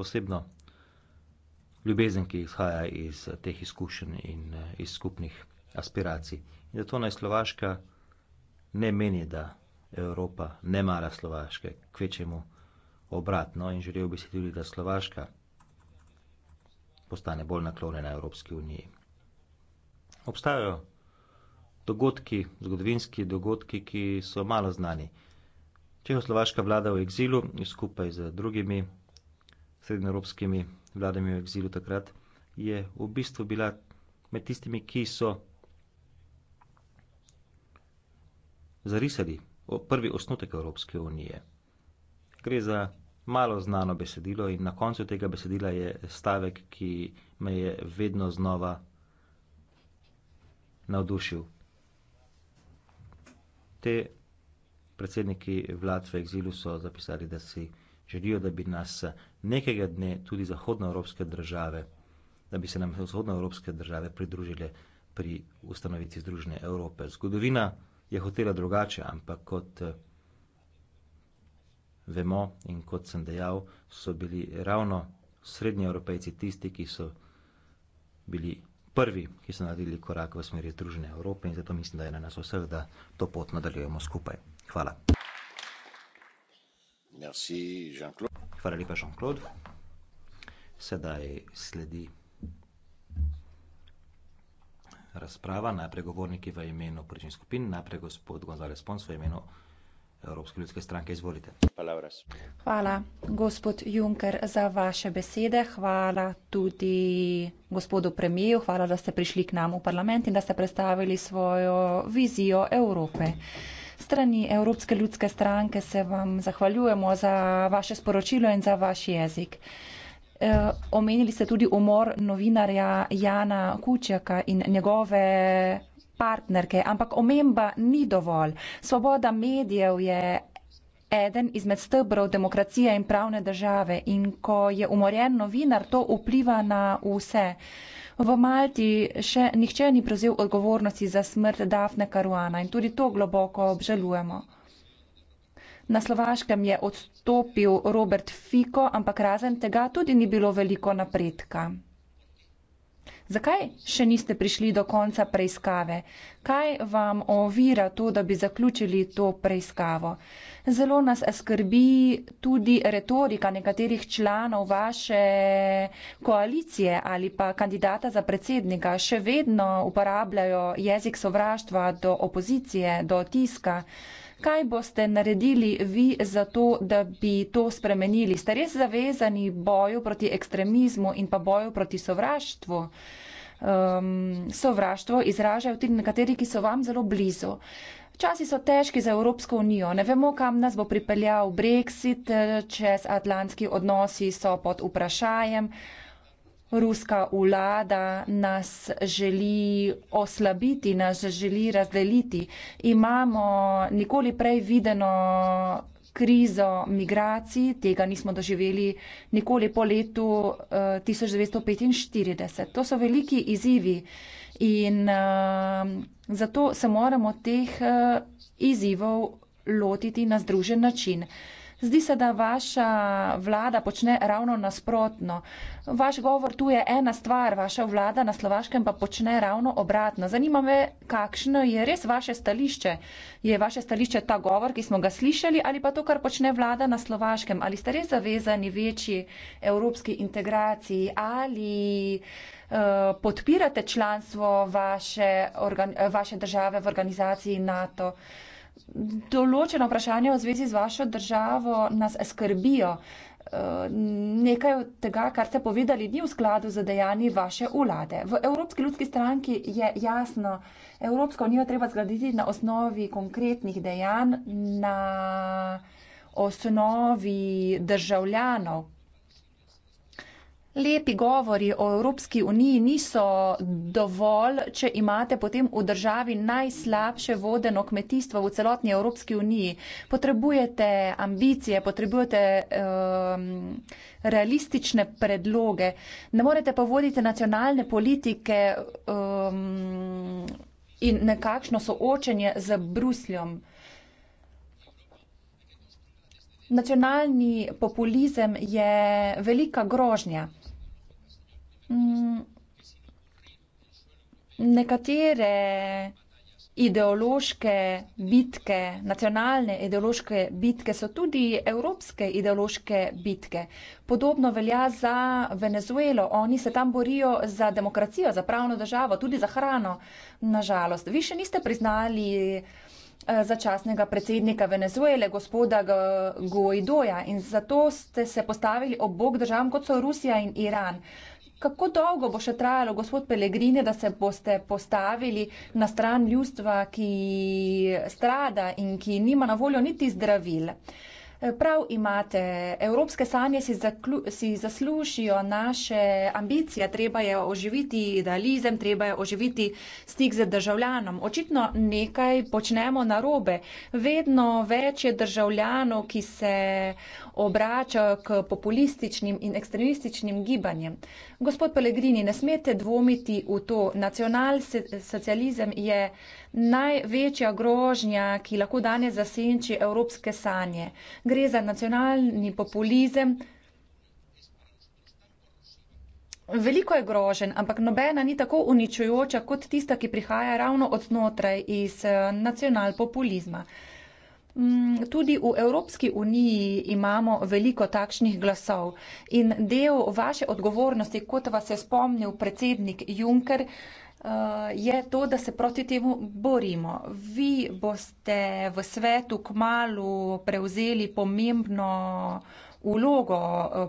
posebno ljubezen, ki izhaja iz eh, teh izkušenj in eh, iz skupnih aspiracij. In zato naj Slovaška ne meni, da Evropa ne mara Slovaške, kvečemu obratno in želel bi si tudi, da Slovaška postane bolj naklonjena Evropski uniji. Obstajajo dogodki, zgodovinski dogodki, ki so malo znani. Čehoslovaška vlada v egzilu in skupaj z drugimi srednjeevropskimi vladami v egzilu takrat je v bistvu bila med tistimi, ki so zarisali prvi osnutek Evropske unije. Gre za malo znano besedilo in na koncu tega besedila je stavek, ki me je vedno znova navdušil. Te predsedniki vlad v egzilu so zapisali, da si želijo, da bi nas nekega dne tudi zahodnoevropske države, da bi se nam vzhodnoevropske države pridružile pri ustanovitvi Združene Evrope. Zgodovina je hotela drugače, ampak kot vemo, in kot sem dejal, so bili ravno srednji evropejci tisti, ki so bili prvi, ki so naredili korak v smeri družene Evrope in zato mislim, da je na nas vseh, da to pot nadaljujemo skupaj. Hvala. Merci, Hvala lepa, Jean-Claude. Sedaj sledi razprava, najprej govorniki v imenu prične skupine, najprej gospod González Pons v imenu Evropske ljudske stranke, izvolite. Hvala, gospod Juncker, za vaše besede, hvala tudi gospodu premijeju, hvala, da ste prišli k nam v parlament in da ste predstavili svojo vizijo Evrope. Strani Evropske ljudske stranke se vam zahvaljujemo za vaše sporočilo in za vaš jezik. E, omenili ste tudi umor novinarja Jana Kučjaka in njegove partnerke, ampak omemba ni dovolj. Svoboda medijev je eden izmed stebrov demokracije in pravne države in ko je umorjen novinar, to vpliva na vse. V Malti še nihče ni prevzel odgovornosti za smrt Dafne Karuana in tudi to globoko obžalujemo. Na Slovaškem je odstopil Robert Fico, ampak razen tega tudi ni bilo veliko napredka. Zakaj še niste prišli do konca preiskave? Kaj vam ovira to, da bi zaključili to preiskavo? Zelo nas skrbi tudi retorika nekaterih članov vaše koalicije ali pa kandidata za predsednika. Še vedno uporabljajo jezik sovraštva do opozicije, do tiska. Kaj boste naredili vi za to, da bi to spremenili? Ste res zavezani boju proti ekstremizmu in pa boju proti sovraštvu? Um, sovraštvo izražajo tudi nekateri, ki so vam zelo blizu. Časi so težki za Evropsko unijo. Ne vemo, kam nas bo pripeljal Brexit, čez atlantski odnosi so pod vprašanjem. Ruska vlada nas želi oslabiti, nas želi razdeliti. Imamo nikoli prej videno krizo migracij, tega nismo doživeli nikoli po letu 1945. Eh, to so veliki izzivi in eh, zato se moramo teh eh, izzivov lotiti na združen način. Zdi se, da vaša vlada počne ravno nasprotno. Vaš govor tu je ena stvar, vaša vlada na Slovaškem pa počne ravno obratno. Zanima me, kakšno je res vaše stališče? Je vaše stališče ta govor, ki smo ga slišali, ali pa to, kar počne vlada na Slovaškem? Ali ste res zavezani večji evropski integraciji? Ali eh, podpirate članstvo vaše, organ, vaše države v organizaciji NATO določena vprašanja v zvezi z vašo državo nas skrbijo. Eh, nekaj od tega, kar ste povedali, ni v skladu z dejanji vaše vlade. V Evropski ljudski stranki je jasno, Evropsko unijo treba zgraditi na osnovi konkretnih dejanj, na osnovi državljanov, lepi govori o Evropski uniji niso dovolj, če imate potem v državi najslabše vodeno kmetijstvo v celotni Evropski uniji. Potrebujete ambicije, potrebujete um, realistične predloge. Ne morete pa voditi nacionalne politike um, in nekakšno soočenje z Brusljom. Nacionalni populizem je velika grožnja. Mm, nekatere ideološke bitke, nacionalne ideološke bitke so tudi evropske ideološke bitke. Podobno velja za Venezuelo. Oni se tam borijo za demokracijo, za pravno državo, tudi za hrano, nažalost. Vi še niste priznali eh, začasnega predsednika Venezuele, gospoda Guaidoja, in zato ste se postavili ob bok državam, kot so Rusija in Iran. Kako dolgo bo še trajalo, gospod Pelegrine, da se boste postavili na stran ljudstva, ki strada in ki nima na voljo niti zdravil? Prav imate, evropske sanje si, zaklu, si zaslušijo naše ambicije, treba je oživiti idealizem, treba je oživiti stik z državljanom. Očitno nekaj počnemo narobe. Vedno več je državljanov, ki se obrača k populističnim in ekstremističnim gibanjem. Gospod Pellegrini, ne smete dvomiti v to. Nacionalsocializem je največja grožnja, ki lahko danes zasenči evropske sanje. Gre za nacionalni populizem. Veliko je grožen, ampak nobena ni tako uničujoča kot tista, ki prihaja ravno od znotraj iz eh, nacionalpopulizma. Mm, tudi v Evropski uniji imamo veliko takšnih glasov in del vaše odgovornosti, kot vas je spomnil predsednik Juncker, eh, je to, da se proti temu borimo. Vi boste v svetu k malu prevzeli pomembno ulogo, eh,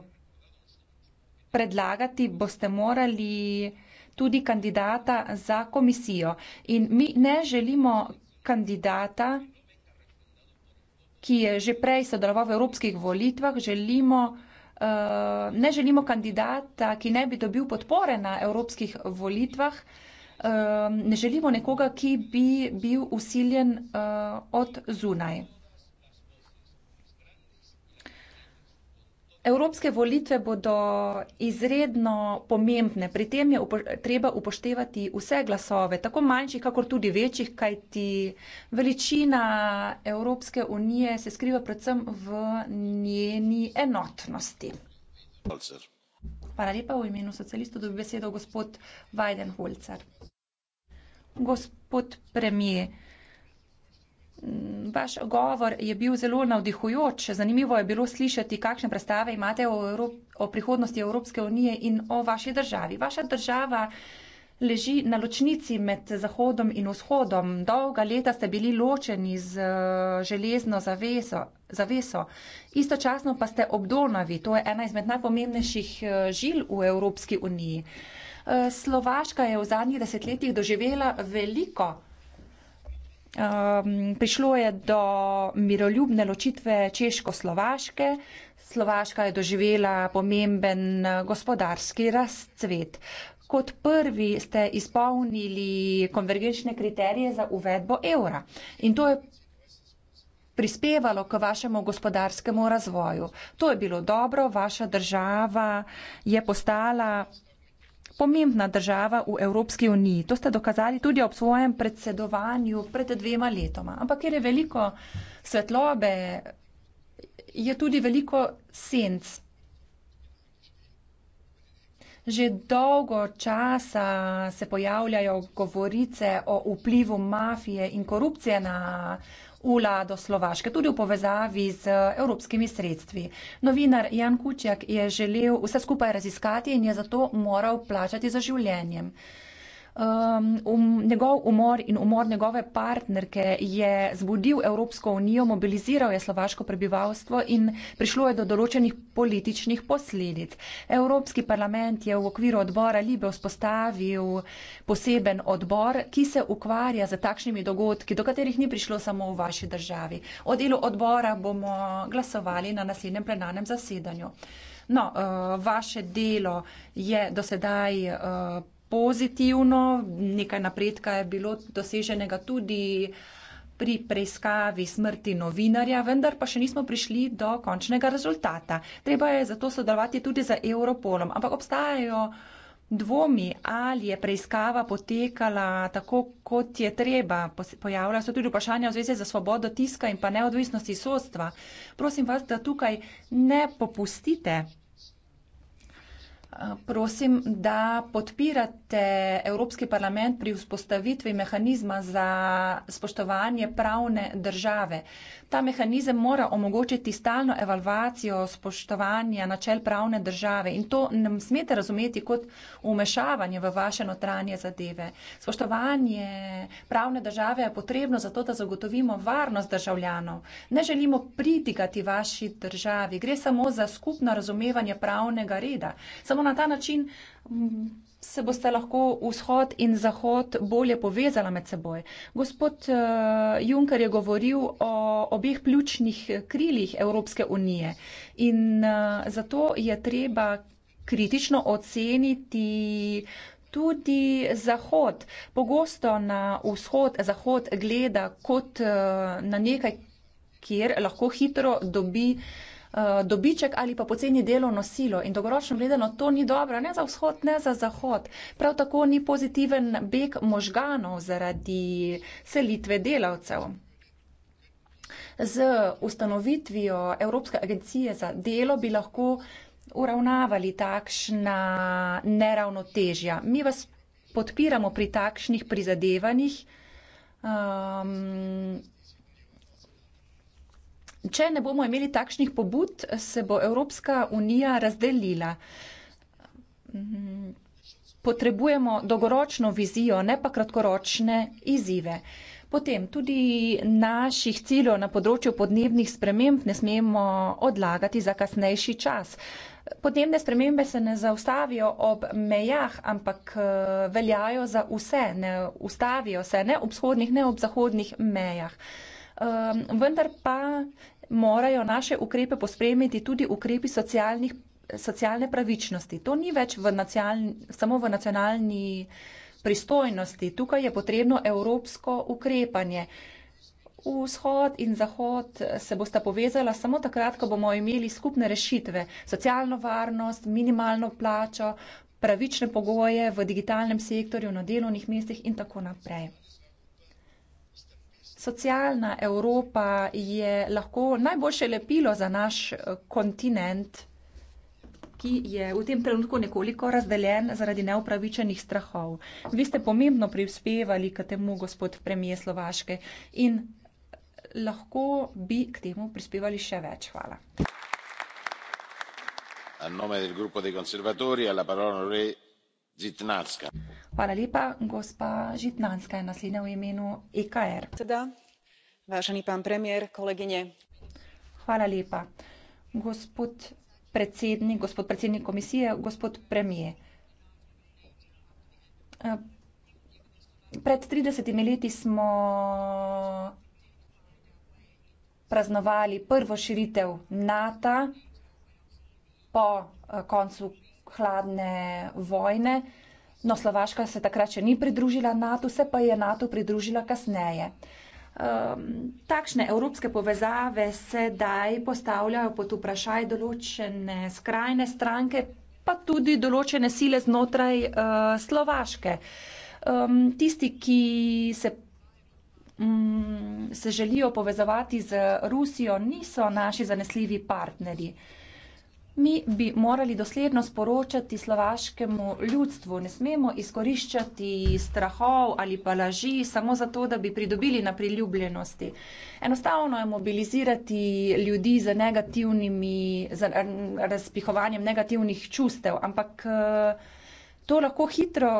predlagati boste morali tudi kandidata za komisijo. In mi ne želimo kandidata, ki je že prej sodeloval v evropskih volitvah, želimo, eh, ne želimo kandidata, ki ne bi dobil podpore na evropskih volitvah, eh, ne želimo nekoga, ki bi bil usiljen eh, od zunaj. Evropske volitve bodo izredno pomembne. Pri tem je upo treba upoštevati vse glasove, tako manjših, kakor tudi večjih, kajti veličina Evropske unije se skriva predvsem v njeni enotnosti. Holzer. Hvala lepa v imenu socialistov, dobi besedo gospod Vajden Holzer. Gospod premije. Vaš govor je bil zelo navdihujoč. Zanimivo je bilo slišati, kakšne predstave imate o, Evrop o prihodnosti Evropske unije in o vaši državi. Vaša država leži na ločnici med Zahodom in Vzhodom. Dolga leta ste bili ločeni z eh, železno zaveso. zaveso. Istočasno pa ste ob Donavi. To je ena izmed najpomembnejših eh, žil v Evropski uniji. Eh, Slovaška je v zadnjih desetletjih doživela veliko. Um, prišlo je do miroljubne ločitve Češko-Slovaške. Slovaška je doživela pomemben eh, gospodarski razcvet. Kot prvi ste izpolnili konvergenčne kriterije za uvedbo evra in to je prispevalo k vašemu gospodarskemu razvoju. To je bilo dobro, vaša država je postala pomembna država v Evropski uniji. To ste dokazali tudi ob svojem predsedovanju pred dvema letoma. Ampak ker je veliko svetlobe, je tudi veliko senc. Že dolgo časa se pojavljajo govorice o vplivu mafije in korupcije na vlado Slovaške, tudi v povezavi z evropskimi sredstvi. Novinar Jan Kučjak je želel vse skupaj raziskati in je zato moral plačati za življenjem. Um, um, njegov umor in umor njegove partnerke je zbudil Evropsko unijo, mobiliziral je slovaško prebivalstvo in prišlo je do določenih političnih posledic. Evropski parlament je v okviru odbora Libe vzpostavil poseben odbor, ki se ukvarja z takšnimi dogodki, do katerih ni prišlo samo v vaši državi. O delu odbora bomo glasovali na naslednjem plenarnem zasedanju. No, uh, vaše delo je dosedaj. Uh, pozitivno, nekaj napredka je bilo doseženega tudi pri preiskavi smrti novinarja, vendar pa še nismo prišli do končnega rezultata. Treba je zato sodelovati tudi za Europolom, ampak obstajajo dvomi, ali je preiskava potekala tako, kot je treba. Pojavljajo se tudi vprašanja v zvezi za svobodo tiska in pa neodvisnosti sodstva. Prosim vas, da tukaj ne popustite. Prosim, da podpirate Evropski parlament pri vzpostavitvi mehanizma za spoštovanje pravne države. Ta mehanizem mora omogočiti stalno evalvacijo spoštovanja načel pravne države in to nam smete razumeti kot umešavanje v vaše notranje zadeve. Spoštovanje pravne države je potrebno zato, da zagotovimo varnost državljanov. Ne želimo pritikati vaši državi, gre samo za skupno razumevanje pravnega reda. Samo na ta način se boste lahko vzhod in zahod bolje povezala med seboj. Gospod eh, Juncker je govoril o obeh ključnih krilih Evropske unije in eh, zato je treba kritično oceniti tudi zahod. Pogosto na vzhod zahod gleda kot eh, na nekaj, kjer lahko hitro dobi uh, Eh, dobiček ali pa poceni delovno silo. In dolgoročno gledano to ni dobro, ne za vzhod, ne za zahod. Prav tako ni pozitiven beg možganov zaradi selitve delavcev. Z ustanovitvijo Evropske agencije za delo bi lahko uravnavali takšna neravnotežja. Mi vas podpiramo pri takšnih prizadevanjih. Um, Če ne bomo imeli takšnih pobud, se bo Evropska unija razdelila. Potrebujemo dolgoročno vizijo, ne pa kratkoročne izzive. Potem tudi naših ciljev na področju podnebnih sprememb ne smemo odlagati za kasnejši čas. Podnebne spremembe se ne zaustavijo ob mejah, ampak veljajo za vse, ne ustavijo se ne ob vzhodnih, ne ob zahodnih mejah. Ehm, vendar pa morajo naše ukrepe pospremiti tudi ukrepi socialnih, socialne pravičnosti. To ni več v samo v nacionalni pristojnosti. Tukaj je potrebno evropsko ukrepanje. Vzhod in zahod se bosta povezala samo takrat, ko bomo imeli skupne rešitve. Socialno varnost, minimalno plačo, pravične pogoje v digitalnem sektorju, na delovnih mestih in tako naprej. Socialna Evropa je lahko najboljše lepilo za naš eh, kontinent, ki je v tem trenutku nekoliko razdeljen zaradi neupravičenih strahov. Vi ste pomembno prispevali k temu, gospod premije Slovaške, in eh, lahko bi k temu prispevali še več. Hvala. A nome del gruppo dei conservatori ha la parola onorevole Zitnatska. Hvala lepa. Gospa Žitnanska je naslednja v imenu EKR. Vážený pán premiér, kolegyne. Hvala lepa. Gospod predsednik, gospod predsednik komisije, gospod premier. Pred tridesetimi leti smo praznovali prvo širitev Nata po eh, koncu hladne vojne. No, Slovaška se takrat še ni pridružila NATO, se pa je NATO pridružila kasneje. Um, takšne evropske povezave sedaj postavljajo pod vprašaj določene skrajne stranke, pa tudi določene sile znotraj uh, Slovaške. Um, tisti, ki se, um, se želijo povezovati z Rusijo, niso naši zanesljivi partnerji. Uh, Mi bi morali dosledno sporočati slovaškemu ljudstvu, ne smemo izkoriščati strahov ali pa laži samo zato, da bi pridobili na priljubljenosti. Enostavno je mobilizirati ljudi z negativnimi, z razpihovanjem negativnih čustev, ampak eh, to lahko hitro